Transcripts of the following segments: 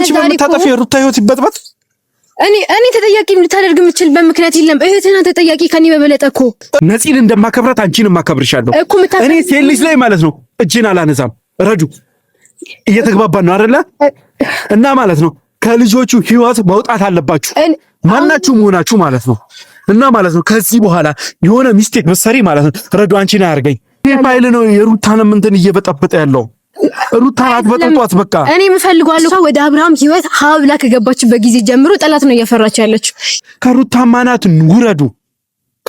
አንቺ በምታጠፊ ሩታ ህይወት ይበጥበጥ። እኔ እኔ ተጠያቂ ልታደርግ የምችልበት ምክንያት የለም። እህትና ተጠያቂ ከኔ በበለጠ እኮ ነፂን እንደማከብራት አንቺንም ማከብርሻለሁ። እኮ። እኔ ሴት ልጅ ላይ ማለት ነው እጅን አላነዛም። ረጁ እየተግባባን ነው አይደለ? እና ማለት ነው ከልጆቹ ህይወት መውጣት አለባችሁ ማናችሁ መሆናችሁ ማለት ነው። እና ማለት ነው ከዚህ በኋላ የሆነ ሚስቴክ ብትሰሪ ማለት ነው ረዱ አንቺን አያርገኝ። ይህ ፋይል ነው የሩታንም እንትን እየበጠበጠ ያለው ሩታ አትበጥብጧት። በቃ እኔ የምፈልገዋለሁ ወደ አብርሃም ህይወት ሀብላ ከገባችበት ጊዜ ጀምሮ ጠላት ነው እያፈራች ያለችው። ከሩታም አናት ውረዱ፣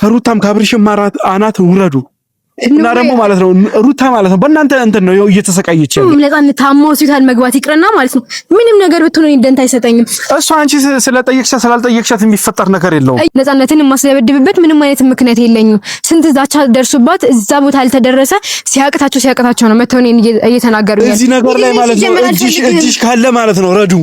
ከሩታም ከአብርሽም አናት ውረዱ። እና ደግሞ ማለት ነው ሩታ ማለት ነው በእናንተ እንትን ነው እየተሰቃየች ያለው። ለጣን ታሞ ሆስፒታል መግባት ይቅርና ማለት ነው ምንም ነገር ብትሆን ደንታ አይሰጠኝም። እሱ አንቺ ስለጠየቅሻት ስላልጠየቅሻት የሚፈጠር ነገር የለውም። ነፃነትን የማስደበድብበት ምንም አይነት ምክንያት የለኝም። ስንት ዛቻ ደርሱባት እዛ ቦታ አልተደረሰ ሲያቅታቸው ሲያቅታቸው ነው መተው እኔን እየተናገሩ እዚህ ነገር ላይ ማለት ነው እጅሽ ካለ ማለት ነው ረዱ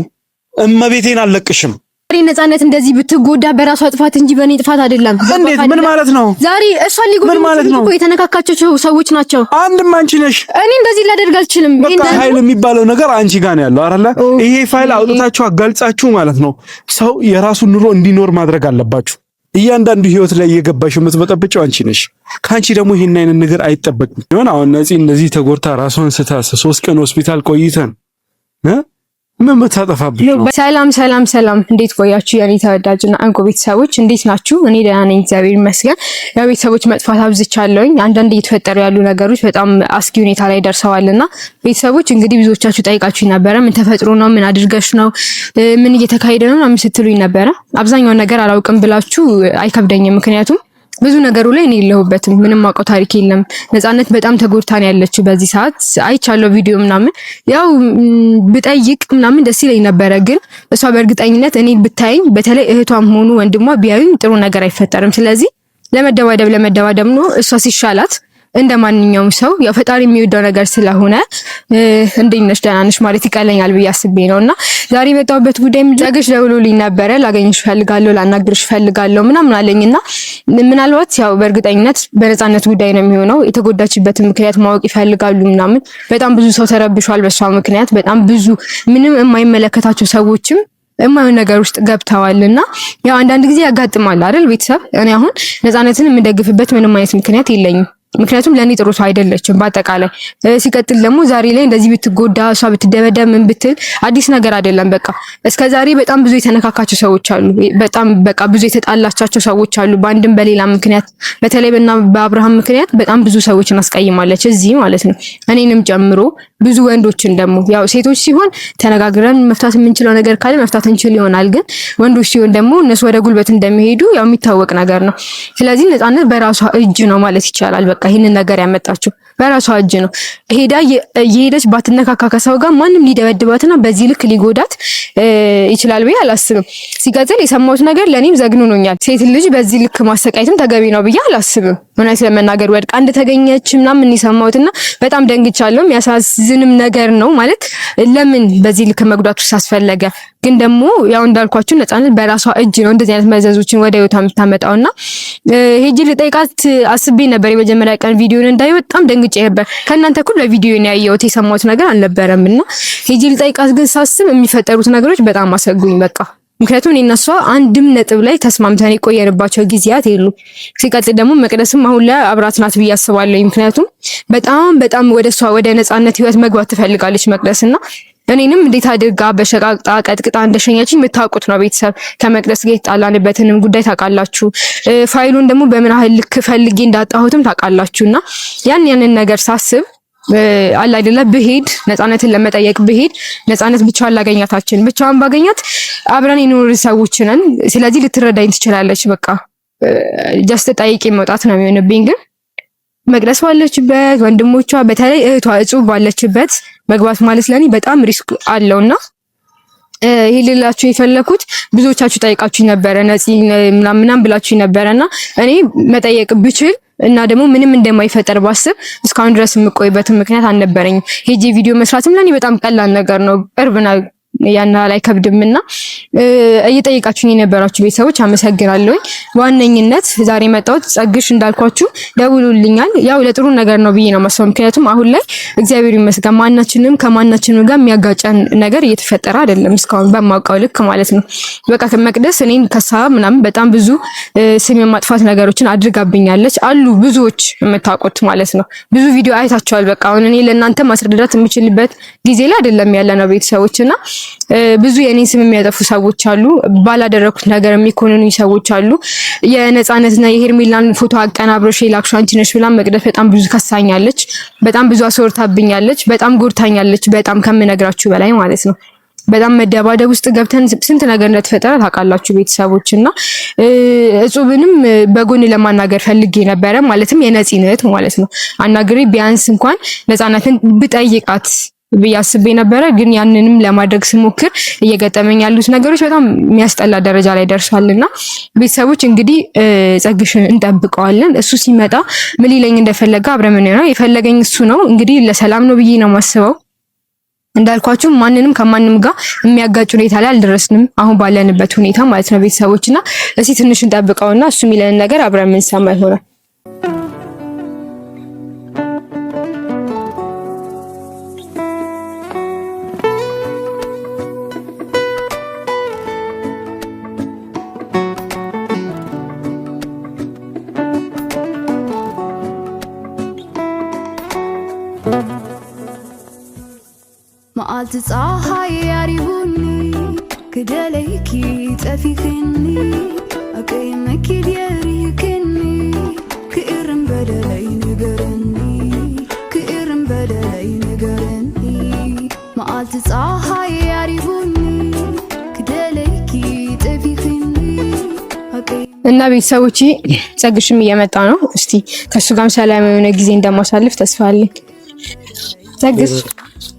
እመቤቴን አልለቅሽም ዛሬ ነፃነት እንደዚህ ብትጎዳ በራሷ ጥፋት እንጂ በእኔ ጥፋት አይደለም። እንዴት? ምን ማለት ነው? ዛሬ እሷ ሊጎዳ ምን ማለት ነው? የተነካካቸው ሰዎች ናቸው። አንድም አንቺ ነሽ። እኔ እንደዚህ ላደርግ አልችልም። ኃይል የሚባለው ነገር አንቺ ጋር ነው ያለው አይደለ? ይሄ ፋይል አውጥታችሁ አጋልጻችሁ ማለት ነው። ሰው የራሱን ኑሮ እንዲኖር ማድረግ አለባችሁ። እያንዳንዱ ህይወት ላይ እየገባሽ የምትበጠብጨው አንቺ ነሽ። ከአንቺ ደግሞ ይህን አይነት ነገር አይጠበቅም። ይሆን አሁን ነፂ እንደዚህ ተጎድታ ራሷን ስታስ ሶስት ቀን ሆስፒታል ቆይተን ምን ብታጠፋብኝ ሰላም ሰላም ሰላም፣ እንዴት ቆያችሁ የኔ ተወዳጅና እንቁ ቤተሰቦች፣ እንዴት ናችሁ? እኔ ደህና ነኝ፣ እግዚአብሔር ይመስገን። ያው ቤተሰቦች መጥፋት አብዝቻለሁኝ። አንዳንድ እየተፈጠሩ ያሉ ነገሮች በጣም አስጊ ሁኔታ ላይ ደርሰዋልና ቤተሰቦች እንግዲህ ብዙዎቻችሁ ጠይቃችሁ ነበረ። ምን ተፈጥሮ ነው? ምን አድርገሽ ነው? ምን እየተካሄደ ነው? ምን ስትሉኝ ነበረ። አብዛኛውን ነገር አላውቅም ብላችሁ አይከብደኝም፣ ምክንያቱም ብዙ ነገሩ ላይ እኔ የለሁበትም። ምንም አውቀው ታሪክ የለም። ነፃነት በጣም ተጎድታን ያለችው በዚህ ሰዓት አይቻለው ቪዲዮ ምናምን ያው ብጠይቅ ምናምን ደስ ይለኝ ነበረ። ግን እሷ በእርግጠኝነት እኔ ብታይኝ በተለይ እህቷም ሆኑ ወንድሟ ቢያዩኝ ጥሩ ነገር አይፈጠርም። ስለዚህ ለመደባደብ ለመደባደብ ነው እሷ ሲሻላት እንደ ማንኛውም ሰው ያው ፈጣሪ የሚወደው ነገር ስለሆነ እንዴት ነሽ ደህና ነሽ ማለት ይቀለኛል ብዬ አስቤ ነው እና ዛሬ የመጣሁበት ጉዳይ ምጃገሽ ደውሎልኝ ነበረ። ላገኝሽ ፈልጋለሁ፣ ላናግርሽ ፈልጋለሁ ምናምን አለኝና ምናልባት ያው በእርግጠኝነት በነፃነት ጉዳይ ነው የሚሆነው። የተጎዳችበትን ምክንያት ማወቅ ይፈልጋሉ ምናምን። በጣም ብዙ ሰው ተረብሿል በሷ ምክንያት። በጣም ብዙ ምንም የማይመለከታቸው ሰዎችም የማይሆን ነገር ውስጥ ገብተዋል እና ያው አንዳንድ ጊዜ ያጋጥማል አይደል ቤተሰብ። እኔ አሁን ነፃነትን የምደግፍበት ምንም አይነት ምክንያት የለኝም ምክንያቱም ለእኔ ጥሩ ሰው አይደለችም። በአጠቃላይ ሲቀጥል ደግሞ ዛሬ ላይ እንደዚህ ብትጎዳ እሷ ብትደበደብ ምን ብትል አዲስ ነገር አይደለም። በቃ እስከ ዛሬ በጣም ብዙ የተነካካቸው ሰዎች አሉ። በጣም በቃ ብዙ የተጣላቻቸው ሰዎች አሉ፣ በአንድም በሌላ ምክንያት። በተለይ በና በአብርሃም ምክንያት በጣም ብዙ ሰዎችን አስቀይማለች፣ እዚህ ማለት ነው እኔንም ጨምሮ ብዙ ወንዶችን ደግሞ ያው ሴቶች ሲሆን ተነጋግረን መፍታት የምንችለው ነገር ካለ መፍታት እንችል ይሆናል። ግን ወንዶች ሲሆን ደግሞ እነሱ ወደ ጉልበት እንደሚሄዱ ያው የሚታወቅ ነገር ነው። ስለዚህ ነፃነት በራሷ እጅ ነው ማለት ይቻላል። በቃ ይህንን ነገር ያመጣችው በራሷ እጅ ነው። ሄዳ የሄደች ባትነካካ ከሰው ጋር ማንም ሊደበድባትና በዚህ ልክ ሊጎዳት ይችላል ብዬ አላስብም። ሲቀጥል የሰማሁት ነገር ለእኔም ዘግንኖኛል። ሴት ልጅ በዚህ ልክ ማሰቃየትም ተገቢ ነው ብዬ አላስብም። እውነት ለመናገር ወድቃ እንደተገኘች ምናምን የሰማሁትና በጣም ደንግቻለሁ። ያሳዝ የሚያሳዝንም ነገር ነው ማለት ለምን በዚህ ልክ መጉዳቱ አስፈለገ? ግን ደግሞ ያው እንዳልኳችሁ ነፃነት በራሷ እጅ ነው እንደዚህ አይነት መዘዞችን ወደ ህይወቷ የምታመጣው እና ሄጂ ልጠይቃት አስቤ ነበር። የመጀመሪያ ቀን ቪዲዮን እንዳይ በጣም ደንግጬ ነበር። ከእናንተ እኩል በቪዲዮን ያየሁት የሰማሁት ነገር አልነበረም እና ሄጂ ልጠይቃት ግን ሳስብ የሚፈጠሩት ነገሮች በጣም አሰጉኝ በቃ ምክንያቱም እኔ እሷ አንድም ነጥብ ላይ ተስማምተን የቆየንባቸው ጊዜያት የሉ። ሲቀጥል ደግሞ መቅደስም አሁን ላይ አብራት ናት ብዬ አስባለሁ። ምክንያቱም በጣም በጣም ወደ እሷ ወደ ነፃነት ህይወት መግባት ትፈልጋለች መቅደስ እና እኔንም እንዴት አድርጋ በሸቃቅጣ ቀጥቅጣ እንደሸኛችኝ የምታውቁት ነው። ቤተሰብ ከመቅደስ ጋር የተጣላንበትንም ጉዳይ ታውቃላችሁ። ፋይሉን ደግሞ በምን ያህል ልክ ፈልጌ እንዳጣሁትም ታውቃላችሁ እና ያን ያንን ነገር ሳስብ አለ አይደለ ብሄድ ነፃነትን ለመጠየቅ ብሄድ ነፃነት ብቻዋን ላገኛታችን ብቻዋን ባገኛት አብረን የኖር ሰዎች ነን። ስለዚህ ልትረዳኝ ትችላለች። በቃ ጀስት ጠይቄ መውጣት ነው የሚሆንብኝ። ግን መቅደስ ባለችበት ወንድሞቿ፣ በተለይ እህቷ እጹብ ባለችበት መግባት ማለት ለኔ በጣም ሪስክ አለውና ይሄ ልላችሁ የፈለኩት ብዙዎቻችሁ ጠይቃችሁ ነበረ ነፂ ምናምን ብላችሁ ነበረና እኔ መጠየቅ ብችል እና ደግሞ ምንም እንደማይፈጠር ባስብ እስካሁን ድረስ የምቆይበትን ምክንያት አልነበረኝም። ሄጄ ቪዲዮ መስራትም ለኔ በጣም ቀላል ነገር ነው። ቅርብና ያን ላይ ከብድምና እየጠየቃችሁኝ የነበራችሁ ቤተሰቦች አመሰግናለሁኝ። በዋነኝነት ዛሬ መጣሁት ጸግሽ እንዳልኳችሁ ደውሉልኛል። ያው ለጥሩ ነገር ነው ብዬ ነው መስሎ፣ ምክንያቱም አሁን ላይ እግዚአብሔር ይመስገን ማናችንም ከማናችንም ጋር የሚያጋጨን ነገር እየተፈጠረ አይደለም፣ እስካሁን በማውቀው ልክ ማለት ነው። በቃ መቅደስ እኔን ከሳ ምናምን በጣም ብዙ ስም የማጥፋት ነገሮችን አድርጋብኛለች። አሉ ብዙዎች የምታውቁት ማለት ነው። ብዙ ቪዲዮ አይታቸዋል። በቃ አሁን እኔ ለእናንተ ማስረዳት የምችልበት ጊዜ ላይ አይደለም ያለ ነው ቤተሰቦች እና ብዙ የእኔ ስም የሚያጠፉ ሰዎች አሉ። ባላደረኩት ነገር የሚኮንኑ ሰዎች አሉ። የነፃነትና የሄርሜላን ፎቶ አቀናብረሽ የላክሽው አንቺ ነሽ ብላ መቅደስ በጣም ብዙ ከሳኛለች። በጣም ብዙ አስወርታብኛለች። በጣም ጎድታኛለች። በጣም ከምነግራችሁ በላይ ማለት ነው። በጣም መደባደብ ውስጥ ገብተን ስንት ነገር እንደተፈጠረ ታውቃላችሁ ቤተሰቦች። እና እጹብንም በጎን ለማናገር ፈልጌ ነበረ። ማለትም የነፂ ማለት ነው አናግሬ ቢያንስ እንኳን ነፃነትን ብጠይቃት ብዬ አስቤ ነበረ። ግን ያንንም ለማድረግ ስሞክር እየገጠመኝ ያሉት ነገሮች በጣም የሚያስጠላ ደረጃ ላይ እና ቤተሰቦች እንግዲህ ጸግሽ እንጠብቀዋለን። እሱ ሲመጣ ምን ሊለኝ እንደፈለገ አብረምን ነው የፈለገኝ እሱ ነው። እንግዲህ ለሰላም ነው ብዬ ነው የማስበው። እንዳልኳችሁ ማንንም ከማንም ጋር የሚያጋጭ ሁኔታ ላይ አልደረስንም፣ አሁን ባለንበት ሁኔታ ማለት ነው ቤተሰቦችና። እስኪ ትንሽ እንጠብቀውና እሱ የሚለንን ነገር አብረምን ሰማ ይሆናል። መዓልቲ ፀሓይ ያሪቡኒ ክደለይኪ ጠፊኽኒ ኣብ ቀይ መኪድ የሪህክኒ ክእርን በደለይ ንገረኒ ክእርም በደለይ ንገረኒ መዓልቲ ፀሓይ ያሪቡኒ ክደለይኪ ጠፊኽኒ እና ቤተሰቦቼ ፀግሽም እየመጣ ነው። እስቲ ከእሱ ጋርም ሰላም የሆነ ጊዜ እንደማሳልፍ ተስፋ አለኝ። ፀግሽ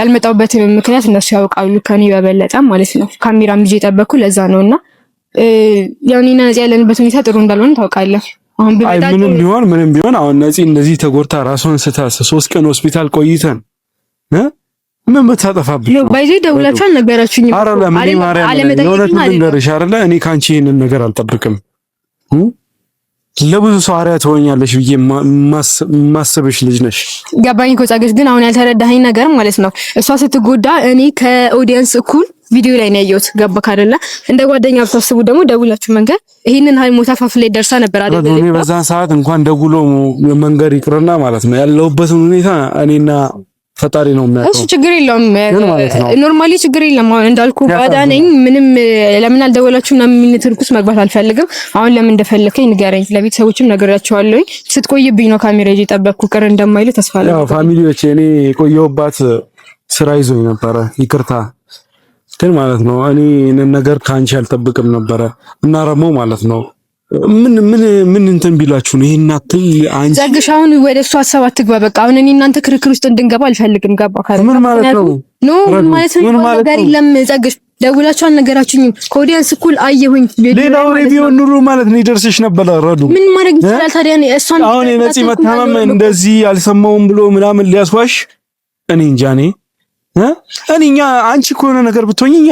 ያልመጣሁበትን ምክንያት እነሱ ያውቃሉ ከኔ በበለጠ ማለት ነው። ካሜራም ይዤ የጠበኩ ለዛ ነው እና ያው እኔና ነፂ ያለንበት ሁኔታ ጥሩ እንዳልሆነ ታውቃለህ። ምንም ቢሆን ምንም ቢሆን አሁን ነፂ እንደዚህ ተጎድታ ራሷን ስታስ ሶስት ቀን ሆስፒታል ቆይተን ምን የምታጠፋብኝ ነው? ባይዜ ደውላችሁ አልነገራችሁኝም? አረ ለምን ማርያም፣ የእውነት ልንገርሽ አይደለ እኔ ከአንቺ ይህንን ነገር አልጠብቅም። ለብዙ ሰው አርያ ትሆኛለሽ ብዬ ማሰብሽ ልጅ ነሽ። ገባኝ እኮ ጸግሽ፣ ግን አሁን ያልተረዳኸኝ ነገር ማለት ነው እሷ ስትጎዳ እኔ ከኦዲየንስ እኩል ቪዲዮ ላይ ነው ያየሁት። ገባክ አይደለ? እንደ ጓደኛ ብታስቡ ደግሞ ደውላችሁ መንገር ይህንን ሀይ ሞታ ፋፍ ላይ ደርሳ ነበር አይደል? እኔ በዛን ሰዓት እንኳን ደውሎ መንገር ይቅርና ማለት ነው ያለሁበትን ሁኔታ እኔና ፈጣሪ ነው የሚያውቀው። እሱ ችግር የለውም ኖርማሊ ችግር የለም። አሁን እንዳልኩ ባዳ ነኝ። ምንም ለምን አልደወላችሁም ነው ትርኩስ መግባት አልፈልግም። አሁን ለምን እንደፈለከኝ ንገረኝ። ለቤተሰቦችም ነግሬያቸዋለሁኝ። ስትቆይብኝ ነው ካሜራ ይዤ ጠበቅኩ። ቅር እንደማይሉ ተስፋ አለኝ። ያው ፋሚሊዎች፣ እኔ የቆየሁባት ስራ ይዞኝ ነበረ። ይቅርታ ግን ማለት ነው እኔ ነገር ከአንቺ አልጠብቅም ነበረ እና ረሞ ማለት ነው ምን ምን ምን እንትን ቢላችሁ ነው ይሄን አክል አንቺ ዘግሽ። አሁን ወደ እሱ ሀሳብ አትግባ። በቃ አሁን እኔ እናንተ ክርክር ውስጥ እንድንገባ አልፈልግም። ገባ ካለ ምን ማለት ነው? ኖ ምን ማለት ነው? ነገር የለም ዘግሽ። ደውላችሁ አልነገራችሁኝም። ከወዲያንስ እኩል አየሁኝ። ሌላ ወሬ ቢሆን ኑሮ ማለት ነው ይደርስሽ ነበር። ረዱ ምን ማድረግ ይችላል ታዲያ? እኔ እሷን አሁን የነፂ መታመም እንደዚህ አልሰማውም ብሎ ምናምን ሊያስዋሽ እኔ እንጃ እኔ እኔ እኛ አንቺ ከሆነ ነገር ብትሆኝ እኛ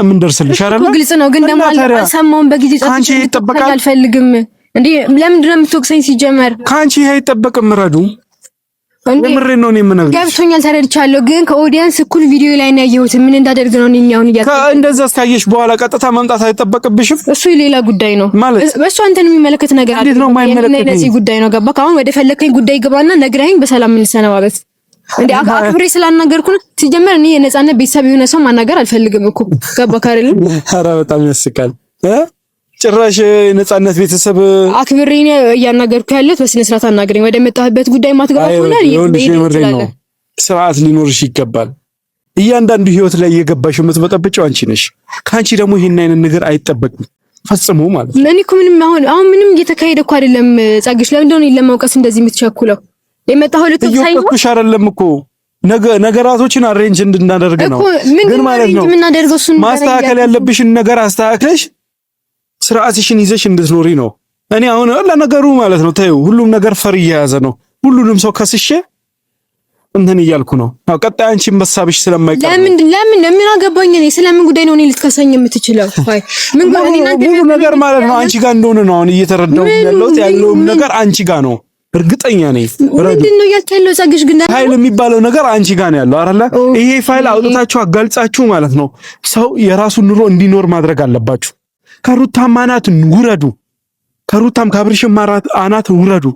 የምንደርስልሽ አይደለ? ግልጽ ነው። ግን ደግሞ አልሰማሁም በጊዜ ከአንቺ ይጠበቃል። አልፈልግም እንዴ! ለምንድን ነው የምትወቅሰኝ? ሲጀመር ከአንቺ ይሄ አይጠበቅም። ረዱ ምሬ ነው እኔ የምነግርሽ። ገብቶኛል፣ ተረድቻለሁ። ግን ከኦዲየንስ እኩል ቪዲዮ ላይ ነው ያየሁት። ምን እንዳደርግ ነው እኛውን እያ እንደዛ እስካየሽ በኋላ ቀጥታ መምጣት አይጠበቅብሽም። እሱ ሌላ ጉዳይ ነው ማለት እሱ አንተን የሚመለከት ነገር ነው። ነዚህ ጉዳይ ነው ገባ። ከአሁን ወደ ፈለከኝ ጉዳይ ግባና ነግረኸኝ በሰላም እንሰነባበት። እንዴ አክብሬ ስላናገርኩ ነው። ሲጀመር እኔ የነፃነት ቤተሰብ የሆነ ሰው ማናገር አልፈልግም እኮ ገባ ካረል። ኧረ በጣም ያስቃል። ጭራሽ የነፃነት ቤተሰብ አክብሬ እኔ እያናገርኩ ያለሁት። በስነ ስርዓት አናገረኝ። ወደ መጣህበት ጉዳይ ማትገባ ስርዓት ሊኖርሽ ይገባል። እያንዳንዱ ህይወት ላይ እየገባሽ የምትበጠብጨው አንቺ ነሽ። ከአንቺ ደግሞ ይህን አይነት ነገር አይጠበቅም ፈጽሞ ማለት ነው። እኔ እኮ ምንም አሁን አሁን ምንም እየተካሄደ እኮ አይደለም። ጸግሽ ለምን እንደሆነ ለማውቀስ እንደዚህ የምትቸኩለው የመጣሁ ልክ ሳይሆን አይደለም እኮ ነገ ነገራቶችን አሬንጅ እንድናደርግ ነው። ግን ማለት ነው እሱን ማስተካከል ያለብሽን ነገር አስተካክለሽ ስርዓትሽን ይዘሽ እንድትኖሪ ነው። እኔ አሁን ለነገሩ ማለት ነው ተይው፣ ሁሉም ነገር ፈር እየያዘ ነው። ሁሉንም ሰው ከስሼ እንትን እያልኩ ነው። አው ቀጣይ አንቺን በሳብሽ ስለማይቀር ለምን ለምን ለምን አገባኝ እኔ ስለምን ጉዳይ ነው እኔ ልትከሰኝ የምትችለው? አይ ምን ጉዳይ ነገር ማለት ነው አንቺ ጋር እንደሆነ ነው አሁን እየተረዳሁ ያለሁት። ያለውም ነገር አንቺ ጋር ነው እርግጠኛ ነኝ። ምንድን ነው ያልቻለው? ጸግሽ ግን ፋይል የሚባለው ነገር አንቺ ጋር ነው ያለው አይደለ? ይሄ ፋይል አውጥታችሁ አጋልጻችሁ ማለት ነው። ሰው የራሱን ኑሮ እንዲኖር ማድረግ አለባችሁ። ከሩታም አናት ውረዱ፣ ከሩታም ካብርሽም አናት ውረዱ።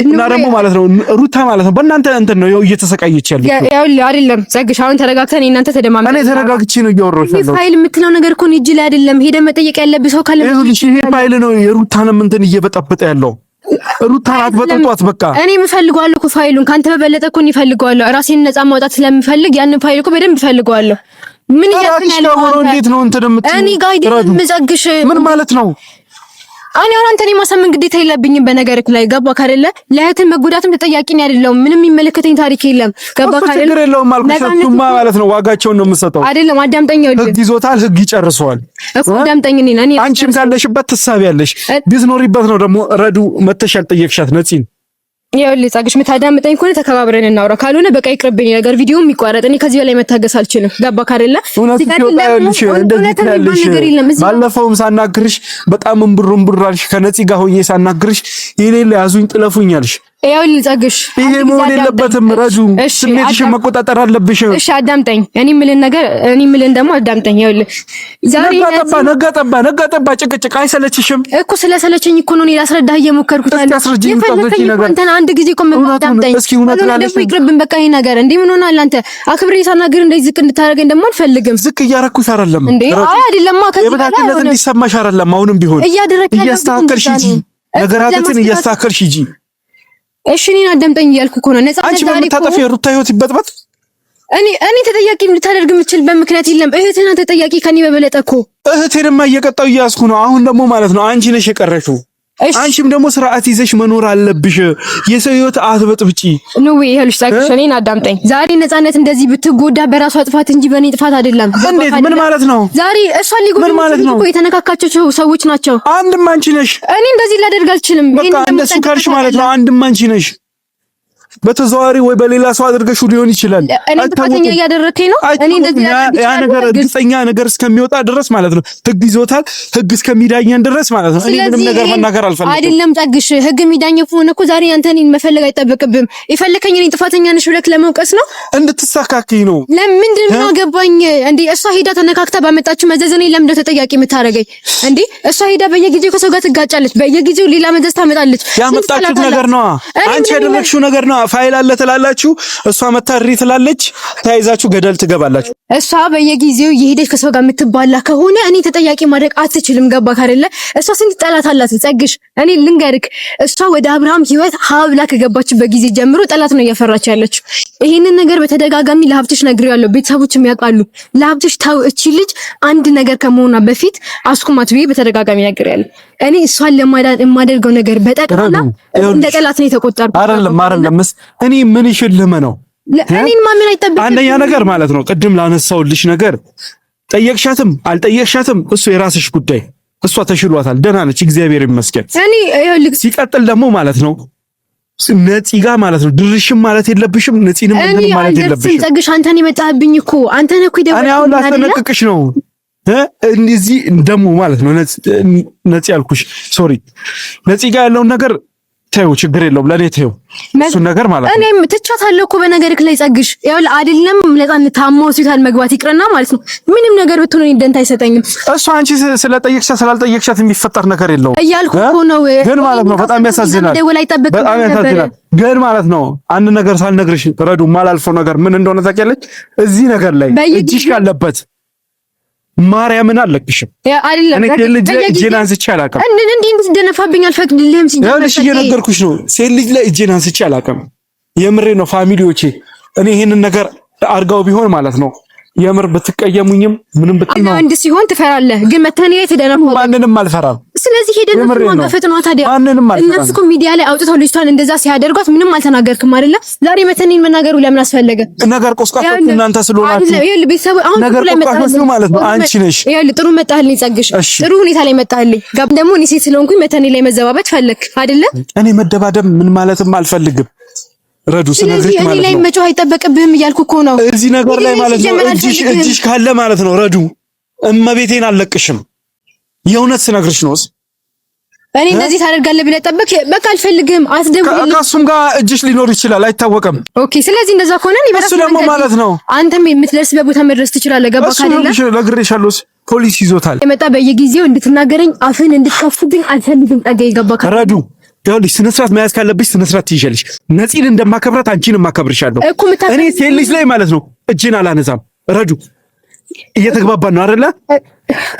እና ደግሞ ማለት ነው ሩታ ማለት ነው በእናንተ እንትን ነው ያው እየተሰቃየች ያለች ያው አይደለም። ጸግሽ አሁን ተረጋግተን እናንተ ተደማመን። እኔ ተረጋግቼ ነው እያወራሁሽ ያለው። ፋይል የምትለው ነገር እኮ እጅ ላይ አይደለም። ሄደ መጠየቅ ያለብህ ሰው ካለ ይሄ ፋይል ነው የሩታንም እንትን እየበጠበጠ ያለው ሩታ ናት በጥብጧት። በቃ እኔም እፈልገዋለሁ እኮ ፋይሉን ካንተ በበለጠ እኮ እፈልገዋለሁ። ራሴን ነፃ ማውጣት ስለምፈልግ ያንን ፋይል እኮ በደንብ እፈልገዋለሁ። ምን እያልክ ነው? እንዴት ነው እንትን የምትይው? እኔ ጋር አይደለም የምጸግሽ። ምን ማለት ነው? አሁን ያው አንተን የማሳመን ግዴታ የለብኝም። በነገርክ ላይ ገባ ካደለ ለእህትን መጎዳትም ተጠያቂ ነው አይደለም። ምንም የሚመለከተኝ ታሪክ የለም። ገባ ካደለ ችግር የለውም አልኩሽ። እሱማ ማለት ነው ዋጋቸውን ነው የምሰጠው አይደለም። አዳምጠኝ። ህግ ይዞታል፣ ህግ ይጨርሰዋል እኮ አዳምጠኝ። እኔ አንቺም ካለሽበት ትሳቢያለሽ፣ ቢዝኖሪበት ነው ደግሞ ረዱ መተሻል ጠየቅሻት ነፂን ይኸውልህ ጸግሽ የምታዳምጠኝ ከሆነ ተከባብረን እናውራ፣ ካልሆነ በቃ ይቅርብኝ ነገር ቪዲዮም ይቋረጥ፣ እኔ ከዚህ በላይ መታገስ አልችልም። ገባ ካደለ ባለፈውም ሳናግርሽ በጣም እምብር እምብር አልሽ። ከነፂ ጋር ሆኜ ሳናግርሽ የሌለ ያዙኝ ጥለፉኝ አልሽ። ያው ልጸግሽ ይሄ መሆን የለበትም ረጁ፣ ስሜትሽን መቆጣጠር አለብሽ። እሺ አዳምጠኝ፣ እኔ የምልህን ነገር እኔ የምልህን ደግሞ አዳምጠኝ። ይኸውልህ ዛሬ ነጋጠባ ነጋጠባ ነጋጠባ ጭቅጭቅ አይሰለችሽም እኮ? ስለሰለችኝ እኮ ነው እኔ ላስረዳህ እየሞከርኩት ያለ ያስረጅኝ ታውቂ ነገር እንትን አንድ ጊዜ እኮ ብለህ አዳምጠኝ። እስኪ እውነት ላይ ደግሞ ይቅርብን በቃ ይሄ ነገር እንዴ ምን ሆናል? አንተ አክብሬ ሳናግር እንደዚህ ዝቅ እንድታደርገኝ ደግሞ አልፈልግም። ዝቅ እያረኩት አይደለም እንዴ? አይ አይደለም፣ ከዚህ በላይ አይደለም እንዲሰማሽ አይደለም። አሁንም ቢሆን እያደረግከኝ እያስተካከልሽ ሂጂ፣ ነገራቶችን እያስተካከልሽ ሂጂ እሺ እኔን አዳምጠኝ እያልኩ እኮ ነው። ነፃነት አንቺ በምታጠፊ የሩታ ህይወት ይበጥበጥ። እኔ እኔ ተጠያቂ ልታደርግ የምችል በምክንያት የለም። እህትና ተጠያቂ ከኔ በበለጠ እኮ እህቴንማ እየቀጣው እያስኩ ነው። አሁን ደግሞ ማለት ነው አንቺ ነሽ የቀረሽው አንቺም ደግሞ ስርዓት ይዘሽ መኖር አለብሽ። የሰው ህይወት አትበጥብጪ። ነው ወይ ይሄልሽ? እኔን አዳምጠኝ። ዛሬ ነፃነት እንደዚህ ብትጎዳ በራሷ ጥፋት እንጂ በእኔ ጥፋት አይደለም። እንዴት? ምን ማለት ነው? ዛሬ እሷን ምን ማለት ነው። የተነካካቸው ሰዎች ናቸው። አንድም አንቺ ነሽ። እኔ እንደዚህ ላደርግ አልችልም። በቃ እንደሱ ካልሽ ማለት ነው። አንድም አንቺ ነሽ። በተዘዋዋሪ ወይ በሌላ ሰው አድርገሽ ሊሆን ይችላል። እኔ ጥፋተኛ እያደረከኝ ነው። እኔ እንደዚህ ያ ነገር እርግጠኛ ነገር እስከሚወጣ ድረስ ማለት ነው። ህግ ይዞታል። ህግ እስከሚዳኘን ድረስ ማለት ነው። እኔ ምንም ነገር መናገር አልፈልግም። አይደለም ጠግሽ ህግ የሚዳኘ ከሆነ እኮ ዛሬ አንተ እኔን መፈለግ አይጠበቅብም። የፈለከኝ እኔ ጥፋተኛ ነሽ ብለክ ለመውቀስ ነው፣ እንድትሳካኪ ነው። ለምንድን ነው ገባኝ እንዴ? እሷ ሄዳ ተነካክታ ባመጣችሁ መዘዝ እኔ ለምንድን ነው ተጠያቂ የምታደርገኝ እንዴ? እሷ ሄዳ በየጊዜው ከሰው ጋር ትጋጫለች፣ በየጊዜው ሌላ መዘዝ ታመጣለች። ያመጣችሁት ነገር ነው፣ አንቺ ያደረግሽው ነገር ነው ፋይል አለ ትላላችሁ፣ እሷ መታሪ ትላለች፣ ተያይዛችሁ ገደል ትገባላችሁ። እሷ በየጊዜው የሄደች ከሰው ጋር የምትባላ ከሆነ እኔ ተጠያቂ ማድረግ አትችልም። ገባክ አይደለ? እሷ ስንት ጠላት አላት ጸግሽ። እኔ ልንገርክ፣ እሷ ወደ አብርሃም ህይወት ሀብላ ከገባችበት ጊዜ ጀምሮ ጠላት ነው እያፈራች ያለችው። ይሄንን ነገር በተደጋጋሚ ለሀብትሽ ነግሬዋለሁ፣ ቤተሰቦችም ያውቃሉ። ለሀብቶች ተው፣ እቺ ልጅ አንድ ነገር ከመሆኗ በፊት አስኩማት ብዬ በተደጋጋሚ ነግሬያለሁ። እኔ እሷን ለማዳን የማደርገው ነገር በጠቅላላ እንደ ጠላት ነው የተቆጠርኩት። አይደለም አይደለም። እኔ ምን ይሽልም ነው እኔን ማመን አይጠብቅም። አንደኛ ነገር ማለት ነው ቅድም ላነሳውልሽ ነገር ጠየቅሻትም አልጠየቅሻትም እሱ የራስሽ ጉዳይ። እሷ ተሽሏታል፣ ደህና ነች፣ እግዚአብሔር ይመስገን። እኔ ሲቀጥል ደግሞ ማለት ነው ነፂ ጋር ማለት ነው ድርሽም ማለት የለብሽም ነፂንም ማለት የለብሽም። ጠግሽ አንተን የመጣህብኝ እኮ አንተን እኮ ይደውልልኝ። እኔ አሁን ላስጠነቅቅሽ ነው እንደዚህ ደሞ ማለት ነው። ነፂ ያልኩሽ ሶሪ፣ ነፂ ጋር ያለውን ነገር ተይው፣ ችግር የለውም ለእኔ ተይው፣ እሱን ነገር ማለት ነው። እኔም ትቻታለሁ እኮ በነገርክ ላይ ጸግሽ፣ ያው አይደለም ለጣን ታማ ሆስፒታል መግባት ይቅርና ማለት ነው ምንም ነገር ብትሆን እኔ ደንታ አይሰጠኝም። እሱ አንቺ ስለጠየቅሻት ስላልጠየቅሻት የሚፈጠር ነገር የለውም እያልኩ እኮ ነው። ግን ማለት ነው በጣም ያሳዝናል፣ በጣም ያሳዝናል። ግን ማለት ነው አንድ ነገር ሳልነግርሽ ረዱ ማላልፈው ነገር ምን እንደሆነ ታውቂያለሽ። እዚህ ነገር ላይ እጅሽ ያለበት ማርያምን አለቅሽም። እኔ እጄን አንስቼ አላውቅም። እንዲህ እንድትደነፋብኝ አልፈቅድልህም። ይኸውልሽ እየነገርኩሽ ነው። ሴት ልጅ ላይ እጄን አንስቼ አላውቅም። የምሬ ነው። ፋሚሊዎቼ እኔ ይህንን ነገር አድርጋው ቢሆን ማለት ነው የምር ብትቀየሙኝም ምንም ብትቀየሙ እና አንድ ሲሆን ትፈራለህ፣ ግን መተኔ ላይ ተደረፈው ማንንም አልፈራም። ስለዚህ ሄደን ነው ፈጥኗ። ታዲያ ማንንም እነሱ እኮ ሚዲያ ላይ አውጥተው ልጅቷን እንደዛ ሲያደርጓት ምንም አልተናገርክም አይደለ? ዛሬ መተኔን መናገሩ ለምን አስፈለገ? ነገር ቆስቋሽ እናንተ ስለሆናችሁ ይኸውልህ፣ ቤተሰቡ አሁን ነገር ቆስቋሽ ነው ማለት ነው። አንቺ ነሽ ይኸውልህ፣ ጥሩ መጣህልኝ፣ ጸግሽ ጥሩ ሁኔታ ላይ መጣህልኝ። ጋር ደግሞ እኔ ሴት ስለሆንኩኝ መተኔ ላይ መዘባበት ፈለክ አይደለ? እኔ መደባደብ ምን ማለትም አልፈልግም ረዱ ስለዚህ እኔ ላይ መጮህ አይጠበቅብህም እያልኩ እኮ ነው። እዚህ ነገር ላይ ማለት ነው እጅሽ እጅሽ ካለ ማለት ነው ረዱ፣ እመቤቴን አልለቅሽም። የእውነት ስነግርሽ ነውስ እኔ እንደዚህ ታደርጋለህ ብለህ ጠበቅ። በቃ አልፈልግም፣ አትደውልልኝ። ከእሱም ጋር እጅሽ ሊኖር ይችላል፣ አይታወቅም። ኦኬ። ስለዚህ እንደዛ ከሆነ እሱ ደግሞ ማለት ነው አንተም የምትደርስ በቦታ መድረስ ትችላለህ። ገባ ካደለ ነግሬሻለሁ። ፖሊስ ይዞታል የመጣ በየጊዜው እንድትናገረኝ አፍን እንድትከፍትብኝ አልፈልግም። ጠጋ ይገባ ረዱ ይኸውልሽ ስነ ስርዓት መያዝ ካለብሽ ስነ ስርዓት ትይዣለሽ። ነፂን እንደማከብራት አንቺን ማከብርሻለሁ። እኔ ሴት ልጅ ላይ ማለት ነው እጅን አላነዛም። ረዱ እየተግባባን ነው አይደለ?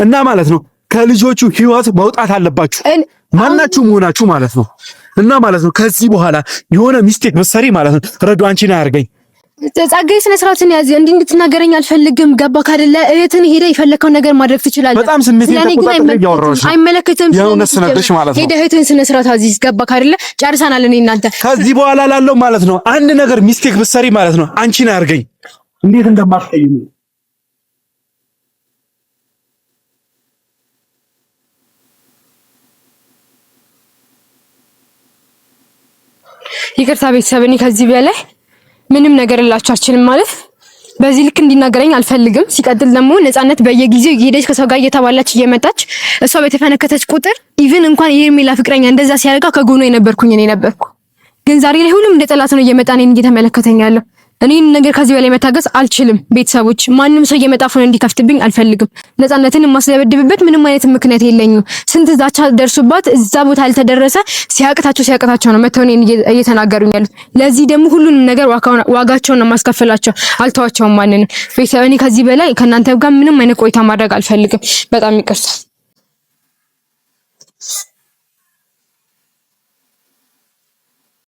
እና ማለት ነው ከልጆቹ ህይወት መውጣት አለባችሁ ማናችሁ መሆናችሁ ማለት ነው። እና ማለት ነው ከዚህ በኋላ የሆነ ሚስቴክ ብትሰሪ ማለት ነው ረዱ አንቺን አያርገኝ ጸጋዬ ስነ ስርዓትን ያዝ። እንዲህ እንድትናገረኝ አልፈልግም። ገባክ አይደለ? እህትን ሄደ የፈለከውን ነገር ማድረግ ትችላለህ። በጣም ስሜት አይመለከትም። የእውነት ስነግርሽ ማለት ነው ሄደ እህትን ስነ ስርዓት አዚዝ። ገባክ አይደለ? ጨርሰናል። እኔ እናንተ ከዚህ በኋላ ላለው ማለት ነው አንድ ነገር ሚስቴክ ብትሰሪ ማለት ነው አንቺን አያርገኝ እንዴት እንደማትቀይም ይቅርታ ቤተሰብ እኔ ከዚህ በላይ ምንም ነገር እላቻችንም ማለት በዚህ ልክ እንዲናገረኝ አልፈልግም። ሲቀጥል ደግሞ ነፃነት በየጊዜው እየሄደች ከሰው ጋር እየተባላች እየመጣች እሷ በተፈነከተች ቁጥር ኢቭን እንኳን የሄርሜላ ፍቅረኛ እንደዛ ሲያደርጋ ከጎኑ የነበርኩኝ እኔ ነበርኩ። ግን ዛሬ ላይ ሁሉም እንደ ጠላት ነው እየመጣ እኔን እየተመለከተኝ ያለው። እኔን ነገር ከዚህ በላይ መታገስ አልችልም። ቤተሰቦች፣ ማንም ሰው የመጣ ፎን እንዲከፍትብኝ አልፈልግም። ነፃነትን የማስደበድብበት ምንም አይነት ምክንያት የለኝም። ስንት ዛቻ ደርሱባት እዛ ቦታ ያልተደረሰ ሲያቅታቸው ሲያቅታቸው ነው መተው እየተናገሩኝ ያሉት። ለዚህ ደግሞ ሁሉንም ነገር ዋጋቸውን ማስከፈላቸው አልተዋቸውም። ማንንም ቤተሰብ፣ እኔ ከዚህ በላይ ከእናንተ ጋር ምንም አይነት ቆይታ ማድረግ አልፈልግም። በጣም ይቅርታል።